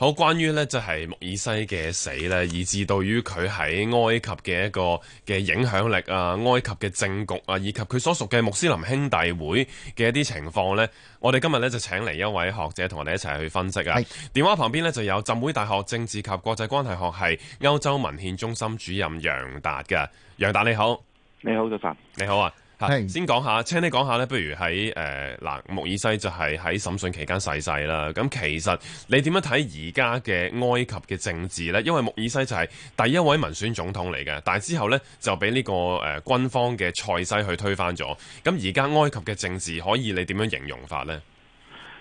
好，關於咧就係穆爾西嘅死咧，以至對於佢喺埃及嘅一個嘅影響力啊，埃及嘅政局啊，以及佢所屬嘅穆斯林兄弟會嘅一啲情況呢。我哋今日咧就請嚟一位學者同我哋一齊去分析啊。是電話旁邊呢，就有浸會大學政治及國際關係學系歐洲文獻中心主任楊達嘅，楊達你好，你好早晨，你好啊。先講下，請你講下咧，不如喺誒嗱，穆爾西就係喺審訊期間逝世啦。咁其實你點樣睇而家嘅埃及嘅政治呢？因為穆爾西就係第一位民選總統嚟嘅，但係之後呢，就俾呢、呢個誒、呃、軍方嘅塞西去推翻咗。咁而家埃及嘅政治可以你點樣形容法呢？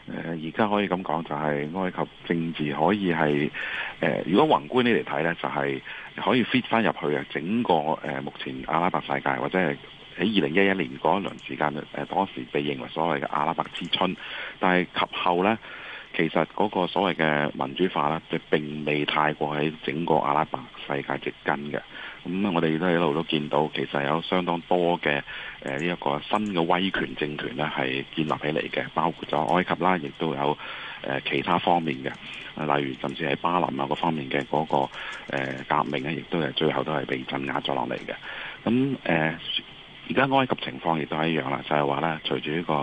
而家、呃、可以咁講就係埃及政治可以係誒、呃，如果宏觀啲嚟睇呢，就係可以 fit 翻入去啊整個誒、呃、目前阿拉伯世界或者係，喺二零一一年嗰一輪時間，誒、呃、當時被認為所謂嘅阿拉伯之春，但係及後呢，其實嗰個所謂嘅民主化呢，就係並未太過喺整個阿拉伯世界近、嗯、紮根嘅。咁我哋都喺度都見到，其實有相當多嘅誒呢一個新嘅威權政權呢，係建立起嚟嘅，包括咗埃及啦，亦都有誒、呃、其他方面嘅，例如甚至係巴林啊嗰方面嘅嗰、那個、呃、革命咧，亦都係最後都係被鎮壓咗落嚟嘅。咁、嗯、誒。呃而家埃及情況亦都係一樣啦，就係話咧，隨住呢個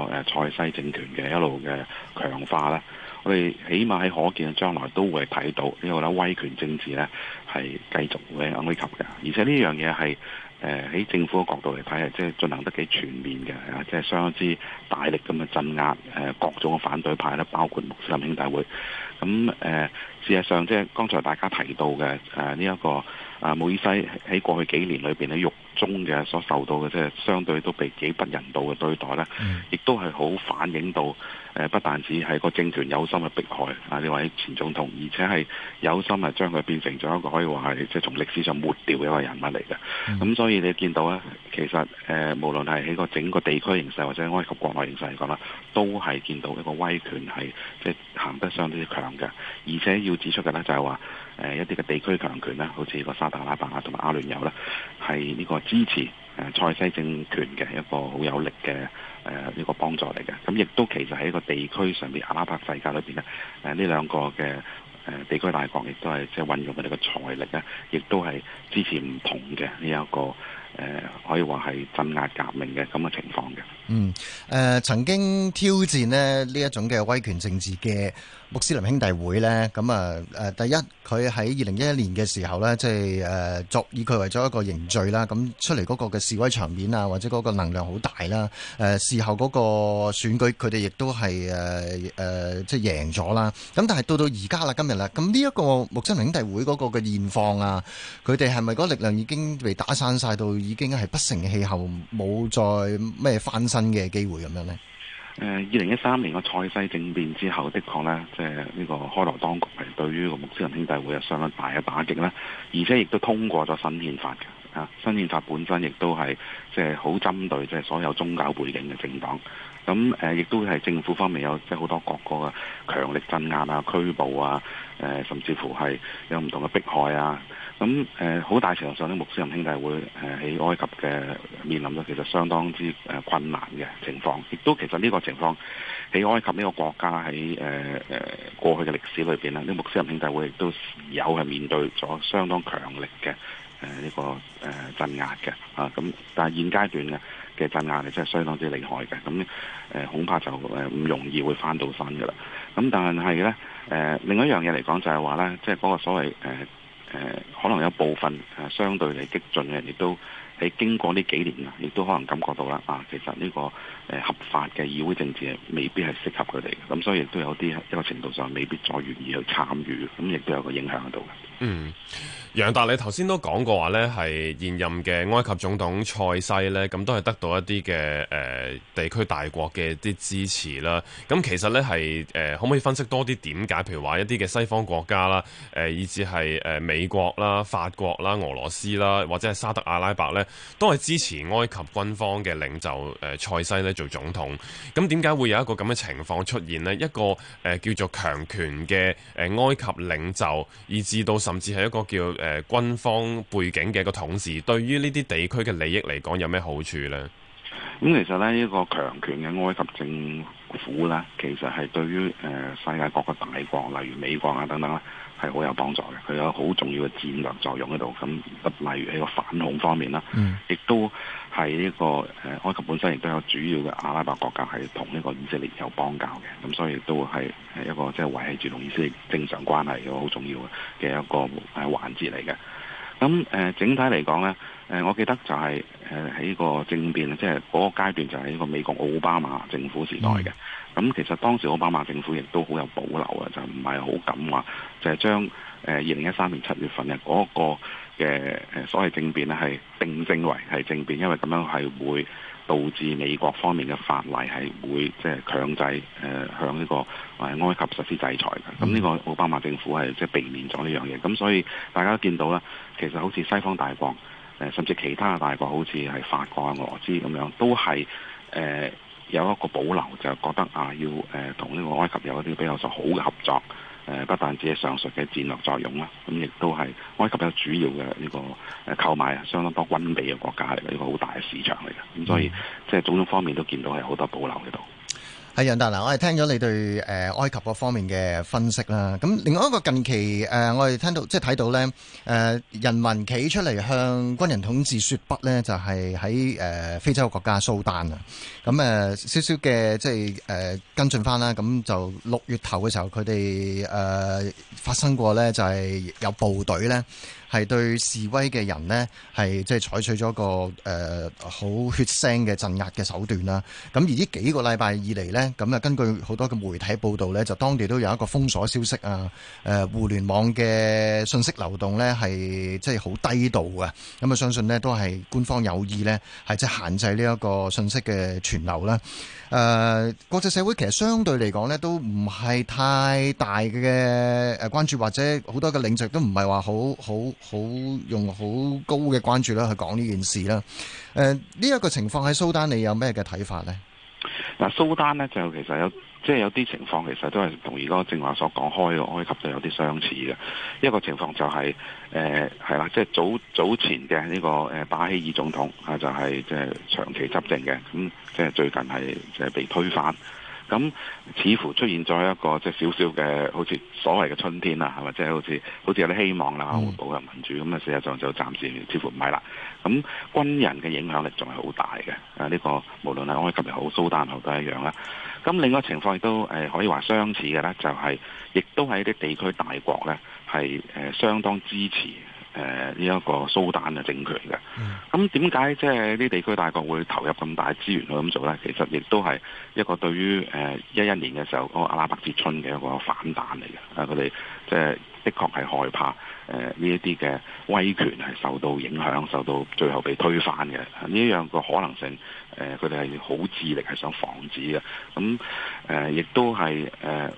誒塞西政權嘅一路嘅強化啦，我哋起碼喺可見嘅將來都會睇到呢個咧威權政治咧係繼續會喺埃及嘅，而且呢樣嘢係誒喺政府嘅角度嚟睇係即係進行得幾全面嘅，即係相當之大力咁嘅鎮壓誒、呃、各種嘅反對派咧，包括穆斯林兄弟會。咁誒、呃、事實上即係、就是、剛才大家提到嘅誒呢一個啊穆爾西喺過去幾年裏邊咧中嘅所受到嘅即係相對都被幾不人道嘅對待咧，嗯、亦都係好反映到誒、呃，不但止係個政權有心嘅迫害啊，呢位前總統，而且係有心係將佢變成咗一個可以話係即係從歷史上抹掉嘅一個人物嚟嘅。咁、嗯嗯、所以你見到呢，其實誒、呃，無論係喺個整個地區形勢或者埃及國內形勢嚟講啦，都係見到一個威權係即係行得相當之強嘅，而且要指出嘅呢、就係，就係、係、話。誒、呃、一啲嘅地區強權咧，好似個沙特阿拉伯同埋阿聯酋啦，係呢個支持誒塞西政權嘅一個好有力嘅誒呢個幫助嚟嘅。咁亦都其實喺一個地區上邊阿拉伯世界裏邊呢，誒、呃、呢兩個嘅誒、呃、地區大國亦都係即係運用佢哋嘅財力咧，亦都係支持唔同嘅呢一個。誒，可以話係鎮壓革命嘅咁嘅情況嘅。嗯，誒、呃，曾經挑戰咧呢一種嘅威權政治嘅穆斯林兄弟會呢咁啊，誒、嗯呃，第一，佢喺二零一一年嘅時候呢，即係誒，作以佢為咗一個凝聚啦，咁、嗯、出嚟嗰個嘅示威場面啊，或者嗰個能量好大啦，誒、呃，事後嗰個選舉，佢哋亦都係誒誒，即係贏咗啦。咁、嗯、但係到到而家啦，今日啦，咁呢一個穆斯林兄弟會嗰個嘅現況啊，佢哋係咪嗰力量已經被打散晒到？已經係不成氣候，冇再咩翻身嘅機會咁樣呢，二零一三年個賽西政變之後，的確呢，即係呢個開羅當局係對於個穆斯林兄弟會有相當大嘅打擊啦，而且亦都通過咗新憲法嘅。啊，新憲法本身亦都係即係好針對即係所有宗教背景嘅政黨。咁誒，亦、呃、都係政府方面有即係好多各個嘅強力鎮壓啊、拘捕啊、誒、呃，甚至乎係有唔同嘅迫害啊。咁誒，好、嗯、大程度上咧，穆斯林兄弟會誒喺埃及嘅面臨咗其實相當之誒困難嘅情況，亦都其實呢個情況喺埃及呢個國家喺誒誒過去嘅歷史裏邊咧，啲穆斯林兄弟會亦都有係面對咗相當強力嘅誒呢個誒鎮壓嘅啊。咁但係現階段嘅嘅鎮壓咧，真係相當之厲害嘅。咁、嗯、誒恐怕就誒唔容易會翻到身噶啦。咁、嗯、但係咧誒，另一樣嘢嚟講就係話咧，即係嗰個所謂誒。呃誒，可能有部分誒、啊，相對嚟激進嘅，亦都，喺經過呢幾年啊，亦都可能感覺到啦啊，其實呢個誒合法嘅議會政治未必係適合佢哋，咁所以亦都有啲一個程度上未必再願意去參與，咁亦都有個影響喺度嘅。嗯，楊達，你頭先都講過話呢係現任嘅埃及總統塞西呢，咁都係得到一啲嘅誒地區大國嘅啲支持啦。咁其實呢係誒、呃，可唔可以分析多啲點解？譬如話一啲嘅西方國家啦，誒、呃、以至係誒美國啦、法國啦、俄羅斯啦，或者係沙特阿拉伯呢。都係支持埃及軍方嘅領袖誒塞、呃、西呢做總統，咁點解會有一個咁嘅情況出現呢？一個誒、呃、叫做強權嘅誒、呃、埃及領袖，以至到甚至係一個叫誒、呃、軍方背景嘅一個統治，對於呢啲地區嘅利益嚟講有咩好處呢？咁、嗯、其實呢，一個強權嘅埃及政苦啦，其實係對於誒世界各個大國，例如美國啊等等啦，係好有幫助嘅，佢有好重要嘅戰略作用喺度。咁例如喺個反恐方面啦，亦都係呢個誒埃及本身亦都有主要嘅阿拉伯國家係同呢個以色列有邦交嘅。咁所以都係係一個即係維繫住同以色列正常關係嘅好重要嘅嘅一個誒環節嚟嘅。咁誒、呃、整體嚟講呢，誒、呃、我記得就係誒喺個政變即係嗰個階段就係一個美國奧巴馬政府時代嘅。咁的其實當時奧巴馬政府亦都好有保留呀，就唔係好敢話就係將二零一三年七月份嘅嗰個嘅、呃、所謂政變咧，係定性為係政變，因為咁樣係會，導致美國方面嘅法例係會即係強制誒、呃、向呢個埃及實施制裁嘅，咁呢個奧巴馬政府係即係避免咗呢樣嘢，咁所以大家都見到啦，其實好似西方大國，誒、呃、甚至其他大國，好似係法國啊、俄羅斯咁樣，都係誒、呃、有一個保留，就係覺得啊要誒同呢個埃及有一啲比較就好嘅合作。誒不但只係上述嘅戰略作用啦，咁亦都係埃及比較主要嘅呢個誒購買啊，相當多軍備嘅國家嚟嘅，呢個好大嘅市場嚟嘅，咁所以即係種種方面都見到係好多保留喺度。係楊達嗱，我係聽咗你對誒埃及方面嘅分析啦。咁另外一個近期誒、呃、我哋聽到即係睇到咧，誒、呃、人民企出嚟向軍人統治說不咧，就係喺誒非洲國家蘇丹啊。咁、嗯、誒少少嘅即係誒、呃、跟進翻啦。咁、嗯、就六月頭嘅時候，佢哋誒發生過咧，就係、是、有部隊咧係對示威嘅人咧係即係採取咗個誒好、呃、血腥嘅鎮壓嘅手段啦。咁、嗯、而呢幾個禮拜以嚟咧。咁啊，根據好多嘅媒體報道咧，就當地都有一個封鎖消息啊，誒、呃，互聯網嘅信息流動咧係即係好低度嘅，咁啊，相信咧都係官方有意咧，係即係限制呢一個信息嘅傳流啦。誒、呃，國際社會其實相對嚟講咧，都唔係太大嘅誒關注，或者好多嘅領袖都唔係話好好好用好高嘅關注啦去講呢件事啦。誒、呃，呢、這、一個情況喺蘇丹，你有咩嘅睇法呢？嗱，蘇丹呢就其實有，即係有啲情況其實都係同而家正話所講開嘅，埃及就覺得有啲相似嘅。一個情況就係、是，誒、呃、係啦，即係早早前嘅呢、這個誒、呃、巴希爾總統啊，就係即係長期執政嘅，咁即係最近係即係被推翻。咁似乎出現咗一個即係少少嘅，好似所謂嘅春天啦，係咪？即係好似好似有啲希望啦，保留民主咁啊！事實上就暫時似乎唔係啦。咁軍人嘅影響力仲係好大嘅。啊、這個，呢個無論係埃及又好、蘇丹又好都係一樣啦。咁另外情況、呃就是、亦都誒可以話相似嘅咧，就係亦都喺啲地區大國咧係誒相當支持。誒呢一個蘇丹嘅政權嘅，咁點解即係啲地區大國會投入咁大資源去咁做呢？其實亦都係一個對於誒一一年嘅時候嗰個阿拉伯之春嘅一個反彈嚟嘅。啊，佢哋即係的確係害怕誒呢一啲嘅威權係受到影響，受到最後被推翻嘅呢樣個可能性。誒、呃，佢哋係好致力係想防止嘅。咁、嗯、誒，亦、呃、都係誒。呃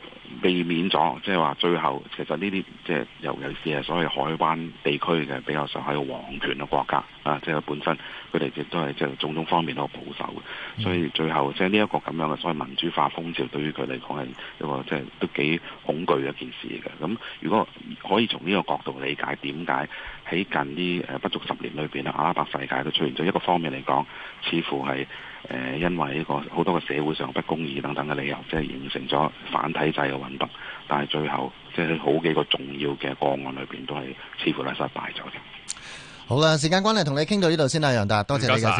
避免咗，即係話最後其實呢啲，即係尤其是係所謂海灣地區嘅比較上係皇權嘅國家啊，即係本身佢哋亦都係即係種種方面都保守嘅，所以最後即係呢一個咁樣嘅所謂民主化風潮，對於佢嚟講係一個即係都幾恐懼嘅一件事嚟嘅。咁如果可以從呢個角度理解，點解，喺近呢誒不足十年裏邊咧，阿拉伯世界都出現咗一個方面嚟講，似乎係誒因為一個好多個社會上不公義等等嘅理由，即係形成咗反體制嘅運動。但係最後，即係好幾個重要嘅個案裏邊，都係似乎係失敗咗嘅。好啦，時間關係，同你傾到呢度先啦，楊達，多謝你嘅謝謝。